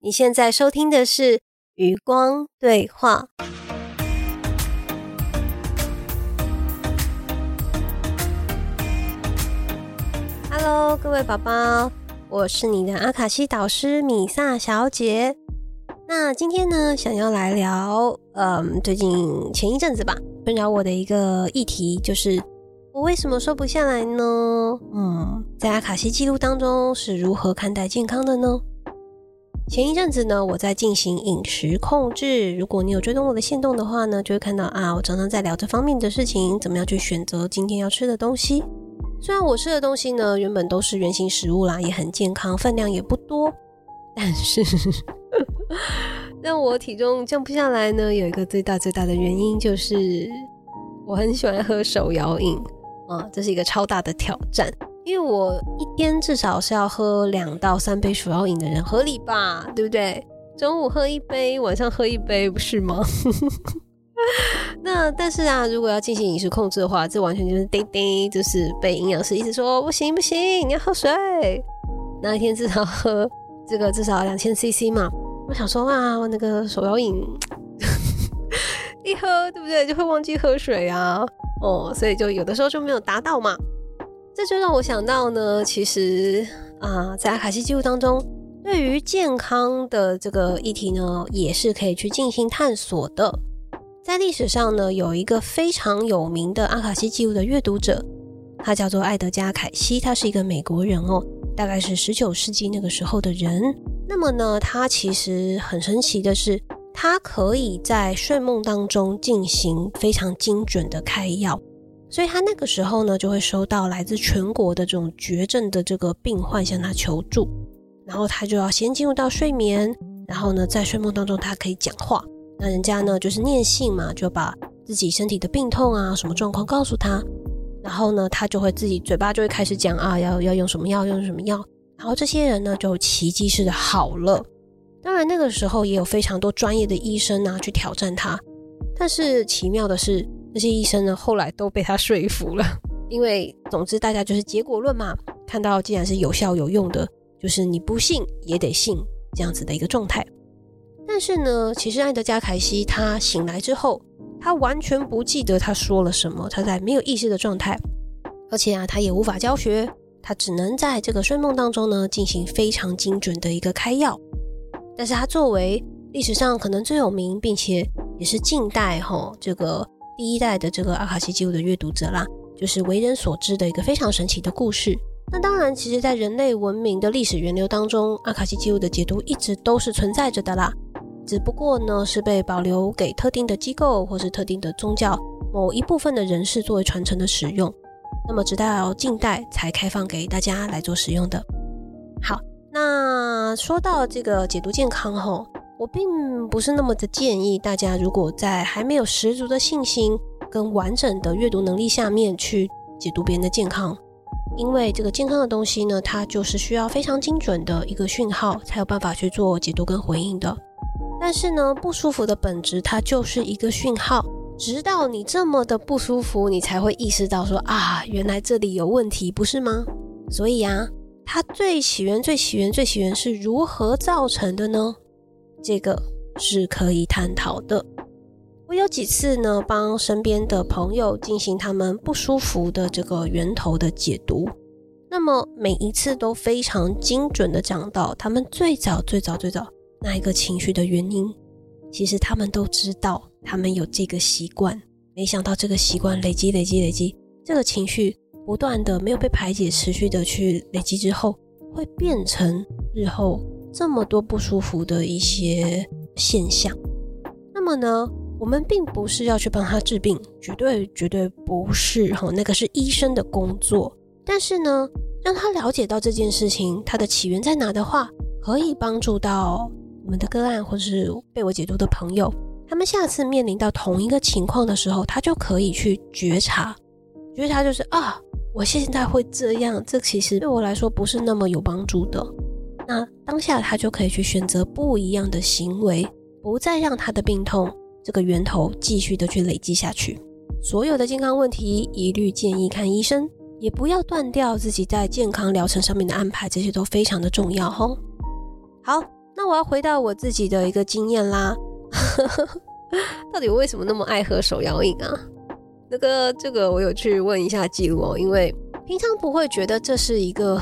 你現在收聽的是《余光對話》。Hello，各位寶寶，我是你的阿卡西導師米薩小姐。那今天呢，想要來聊，嗯、呃，最近前一陣子吧，困擾我的一個議題就是，我為什麼瘦不下來呢？嗯，在阿卡西記錄當中是如何看待健康的呢？前一陣子呢，我在進行飲食控制。如果你有追蹤我的行動的話呢，就會看到啊，我常常在聊這方面的事情，怎麼樣去選擇今天要吃的東西。雖然我吃的東西呢，原本都是原型食物啦，也很健康，分量也不多，但是讓 我體重降不下來呢，有一個最大最大的原因就是，我很喜歡喝手搖飲啊，這是一個超大的挑戰。因為我一天至少是要喝兩到三杯手搖飲的人，合理吧？對不對？中午喝一杯，晚上喝一杯，不是嗎？ 那但是啊，如果要進行飲食控制的話，這完全就是叮叮，就是被營養師一直說不行不行，你要喝水，那一天至少喝這個至少兩千 CC 嘛。我想說啊，我那個手搖飲一喝，對不對？就會忘記喝水啊。哦，所以就有的時候就沒有達到嘛。這就讓我想到呢，其實啊、呃，在阿卡西記錄當中，對於健康的這個議題呢，也是可以去進行探索的。在歷史上呢，有一個非常有名的阿卡西記錄的閱讀者，他叫做愛德加·凱西，他是一個美國人哦，大概是十九世紀那個時候的人。那麼呢，他其實很神奇的是，他可以在睡夢當中進行非常精準的開藥。所以他那個時候呢，就會收到來自全國的這種絕症的這個病患向他求助，然後他就要先進入到睡眠，然後呢，在睡夢當中他可以講話。那人家呢就是念信嘛，就把自己身體的病痛啊、什麼狀況告訴他，然後呢，他就會自己嘴巴就會開始講啊，要要用什麼藥，用什麼藥。然後這些人呢就奇跡似的好了。當然那個時候也有非常多專業的醫生啊去挑戰他，但是奇妙的是。那些醫生呢，後來都被他說服了，因為總之大家就是結果論嘛，看到既然是有效有用的，就是你不信也得信這樣子的一個狀態。但是呢，其實愛德加凱西他醒來之後，他完全不記得他說了什麼，他在沒有意識的狀態，而且啊，他也無法教學，他只能在這個睡夢當中呢進行非常精準的一個開藥。但是他作為歷史上可能最有名，並且也是近代吼這個。第一代的這個阿卡西記錄的閱讀者啦，就是為人所知的一個非常神奇的故事。那當然，其實，在人類文明的歷史源流當中，阿卡西記錄的解讀一直都是存在着的啦，只不過呢，是被保留給特定的機構或是特定的宗教某一部分的人士作為傳承的使用。那麼，直到近代才開放給大家來做使用的。好，那說到這個解讀健康後。我並不是那麼的建議大家，如果在還沒有十足的信心跟完整的閱讀能力下面去解讀別人的健康，因為這個健康的東西呢，它就是需要非常精準的一個訊號，才有辦法去做解讀跟回應的。但是呢，不舒服的本質它就是一個訊號，直到你這麼的不舒服，你才會意識到說啊，原來這裡有問題，不是嗎？所以啊，它最起源、最起源、最起源是如何造成的呢？這個是可以探討的。我有幾次呢，幫身邊的朋友進行他們不舒服的這個源頭的解讀，那麼每一次都非常精準的講到他們最早最早最早那一個情緒的原因。其實他們都知道，他們有這個習慣，沒想到這個習慣累積累積累積，這個情緒不斷的沒有被排解，持續的去累積之後，會變成日後。這麼多不舒服的一些現象，那麼呢，我們並不是要去幫他治病，絕對絕對不是哈，那個是醫生的工作。但是呢，讓他了解到這件事情它的起源在哪的話，可以幫助到我們的個案或是被我解讀的朋友，他們下次面臨到同一個情況的時候，他就可以去覺察，覺察就是啊，我現在會這樣，這其實對我來說不是那麼有幫助的。那當下他就可以去選擇不一樣的行為，不再讓他的病痛這個源頭繼續的去累積下去。所有的健康問題一律建議看醫生，也不要斷掉自己在健康療程上面的安排，這些都非常的重要吼，哦。好，那我要回到我自己的一個經驗啦， 到底我為什麼那麼愛喝手搖飲啊？那個這個我有去問一下記錄哦，因為平常不會覺得這是一個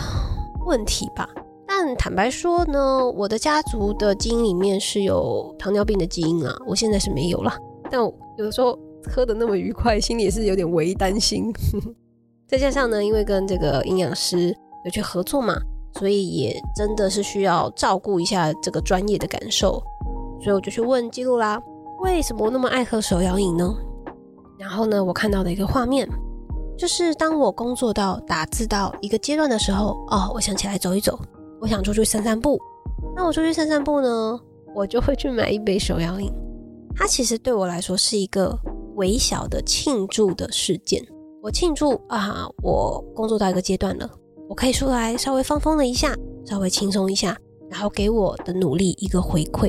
問題吧。但坦白說呢，我的家族的基因裡面是有糖尿病的基因啦，我現在是沒有啦，但我有的時候喝的那麼愉快，心裡也是有點微擔心。 再加上呢，因為跟這個營養師有去合作嘛，所以也真的是需要照顧一下這個專業的感受。所以我就去問記錄啦，為什麼我那麼愛喝手搖飲呢？然後呢，我看到的一個畫面，就是當我工作到打字到一個階段的時候，哦，我想起來走一走。我想出去散散步，那我出去散散步呢，我就會去買一杯手搖飲。它其實對我來說是一個微小的慶祝的事件。我慶祝啊，我工作到一個階段了，我可以出來稍微放鬆了一下，稍微輕鬆一下，然後給我的努力一個回饋。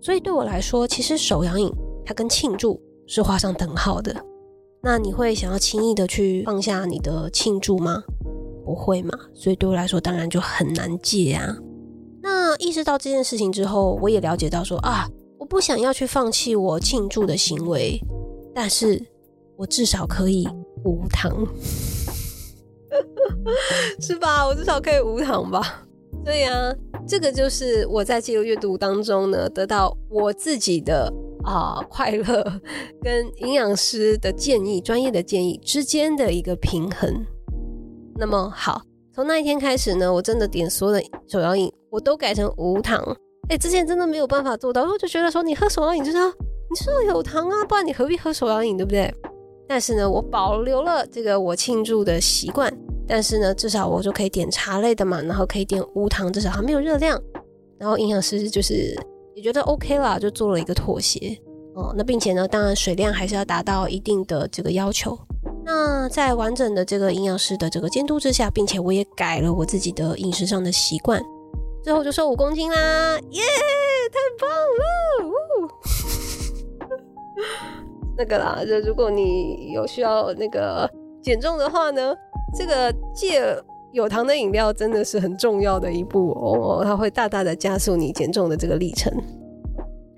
所以對我來說，其實手搖飲它跟慶祝是畫上等號的。那你會想要輕易的去放下你的慶祝嗎？不會嘛？所以對我來說，當然就很難戒啊。那意識到這件事情之後，我也了解到說啊，我不想要去放棄我慶祝的行為，但是我至少可以無糖， 是吧？我至少可以無糖吧？對呀、啊，這個就是我在這個閱讀當中呢，得到我自己的啊快樂跟營養師的建議、專業的建議之間的一個平衡。那麼好，從那一天開始呢，我真的點所有的手搖飲我都改成無糖。哎、欸，之前真的沒有辦法做到，我就覺得說你喝手搖飲就是你是要有糖啊，不然你何必喝手搖飲，對不對？但是呢，我保留了這個我慶祝的習慣，但是呢，至少我就可以點茶類的嘛，然後可以點無糖，至少它沒有熱量。然後營養師就是也覺得 OK 了，就做了一個妥協。哦，那並且呢，當然水量還是要達到一定的這個要求。那在完整的這個營養師的這個監督之下，並且我也改了我自己的飲食上的習慣，最後就瘦五公斤啦！耶、yeah!，太棒了！哦、 那個啦，就如果你有需要那個減重的話呢，這個戒有糖的飲料真的是很重要的一步哦，它會大大的加速你減重的這個歷程。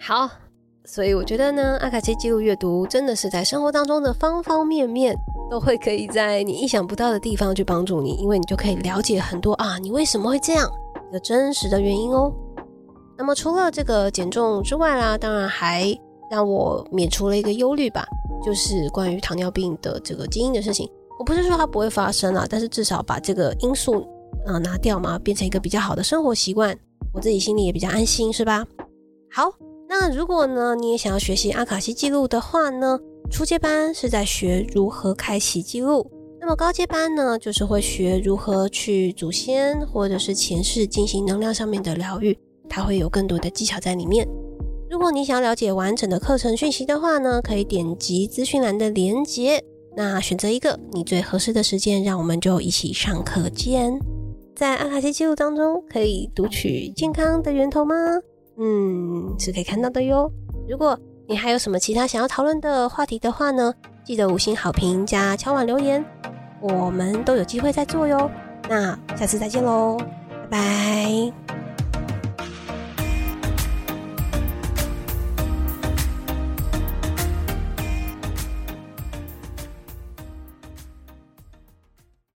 好。所以我覺得呢，阿卡西記錄閱讀真的是在生活當中的方方面面都會可以在你意想不到的地方去幫助你，因為你就可以了解很多啊，你為什麼會這樣一個真實的原因哦。那麼除了這個減重之外啦，當然還讓我免除了一個憂慮吧，就是關於糖尿病的這個基因的事情。我不是說它不會發生啊，但是至少把這個因素啊、呃、拿掉嘛，變成一個比較好的生活習慣，我自己心裡也比較安心，是吧？好。那如果呢，你也想要學習阿卡西記錄的話呢，初階班是在學如何開啟記錄，那麼高階班呢，就是會學如何去祖先或者是前世進行能量上面的療癒，它會有更多的技巧在裡面。如果你想要了解完整的課程訊息的話呢，可以點擊資訊欄的連結，那選擇一個你最合適的時間，讓我們就一起上課見。在阿卡西記錄當中，可以讀取健康的源頭嗎？嗯，是可以看到的喲。如果你還有什麼其他想要討論的話題的話呢，記得五星好評加敲碗留言，我們都有機會再做喲。那下次再見嘍，拜拜。